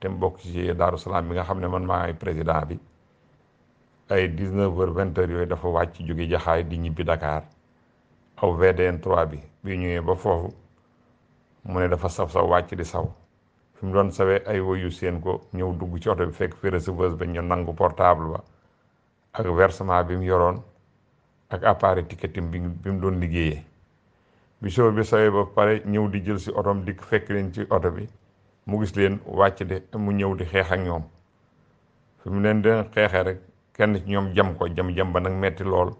te mu bokk ci Daaru Salaam bi nga xam ne man maa ay président bi ay dix neuf heures yooyu dafa wàcc jóge jaxaay di ñibbi dakaar aw VDN 3 bi bi ñëwee ba foofu mu ne dafa saw saw wàcc di saw fi mu doon sawee ay woyu seen ko ñëw dugg ci oto bi fekk fi receveuse ba ñu nangu portable ba ak versement bi mu yoroon ak appareil ticketim bi bi mu doon liggéeyee bi show bi sawee ba pare ñëw di jël si otom dikk fekk leen ci oto bi mu gis leen wàcc de mu ñëw di xeex ak ñoom fi mu leen dina xeexee rek kenn ñoom jam ko jam-jam ba nag metti lool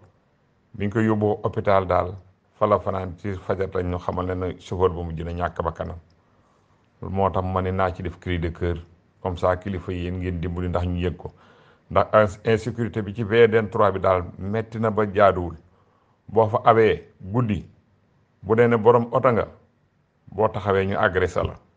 biñ ko yóbboo hôpital daal fala fanaan ci fajar lañ ñu xamal ne ne chauffeur ba mu dina ñàkk ba kanam moo tax ma ne naa ci def cri de cœur comme ça kilifa yi yéen ngeen dimbali ndax ñu yëg ko ndax insécurité bi ci VDN trois bi daal metti na ba jaaduwul boo fa awee guddi bu dee ne borom oto nga boo taxawee ñu agressé sala